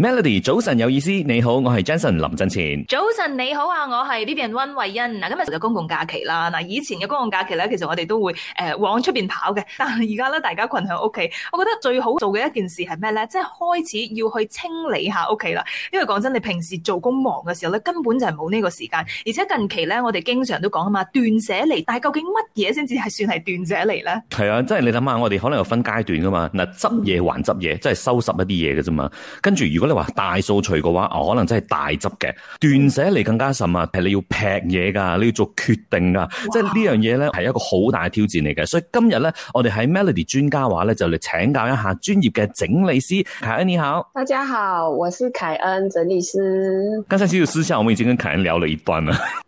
Melody，早晨有意思，你好，我係 Jason 林振前。早晨你好啊，我係 Vivian 溫慧欣。嗱，今日就公共假期啦。嗱，以前嘅公共假期咧，其實我哋都會誒往出邊跑嘅，但係而家咧大家困喺屋企，我覺得最好做嘅一件事係咩咧？即係開始要去清理一下屋企啦。因為講真，你平時做工忙嘅時候咧，根本就係冇呢個時間。而且近期咧，我哋經常都講啊嘛，斷捨離，但係究竟乜嘢先至係算係斷捨離咧？係啊，即係你諗下，我哋可能有分階段噶嘛。嗱，執嘢還執嘢，即係收拾一啲嘢嘅啫嘛。跟住如果你話大掃除嘅話，可能真係大執嘅，斷捨離更加甚啊！係你要劈嘢噶，你要做決定噶，哇即係呢樣嘢咧，係一個好大嘅挑戰嚟嘅。所以今日咧，我哋喺 Melody 專家話咧，就嚟請教一下專業嘅整理師凱恩。你好，大家好，我是凱恩整理師。剛才少少私下，我們已經跟凱恩聊了一段啦。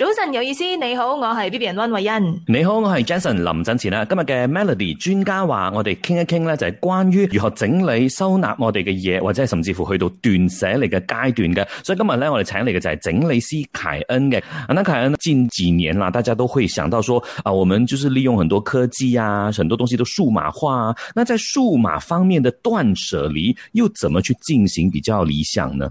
早晨有意思，你好，我是 B B n 溫慧恩。你好，我是 Jason 林振前啦。今日嘅 Melody 專家話，我哋傾一傾咧，就係關於如何整理收納我哋嘅嘢，或者係甚至乎去到斷捨離嘅階段嘅。所以今日咧，我哋請嚟嘅就係整理師凱恩嘅。那、啊、凱恩近幾年啦，大家都會想到說啊，我們就是利用很多科技啊，很多東西都數碼化、啊。那在數碼方面的斷捨離又怎麼去進行比較理想呢？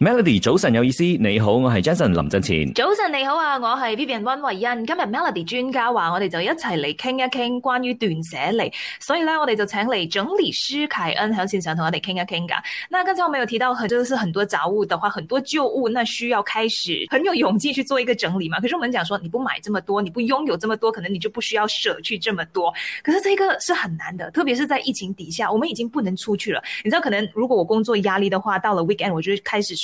Melody 早晨有意思，你好，我是 Jason 林振前。早晨你好啊，我是 Vivian 溫慧欣。今日 Melody 專家話，我哋就一齊嚟傾一傾關於斷捨離。所以呢，我哋就請你整理師愷恩響線上同我哋傾一傾噶。那剛才我們有提到很，就是很多雜物的話，很多舊物，那需要開始很有勇氣去做一個整理嘛。可是我們講說，你不買這麼多，你不擁有這麼多，可能你就不需要捨去這麼多。可是這個是很難的，特別是在疫情底下，我們已經不能出去了。你知道，可能如果我工作壓力的話，到了 weekend，我就開始。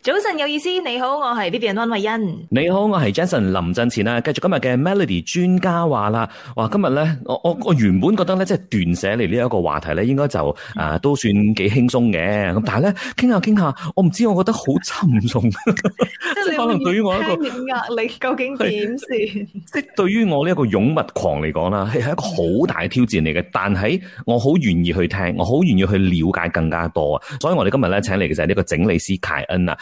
早晨，有意思，你好，我係 Vivian 溫慧欣。你好，我係 Jason 林振前啊。繼續今日嘅 Melody 專家話啦，哇，今日咧，我我我原本覺得咧，即係斷捨離呢一個話題咧，應該就誒都算幾輕鬆嘅。咁但係咧，傾下傾下，我唔知道，我覺得好沉重。 即係你我聽嘅壓力究竟點算？即係，就是，對於我呢一個擁物狂嚟講啦，係係一個好大嘅挑戰嚟嘅。但係我好願意去聽，我好願意去了解更加多啊。所以我哋今日咧請嚟嘅就係呢個整理師愷恩啊。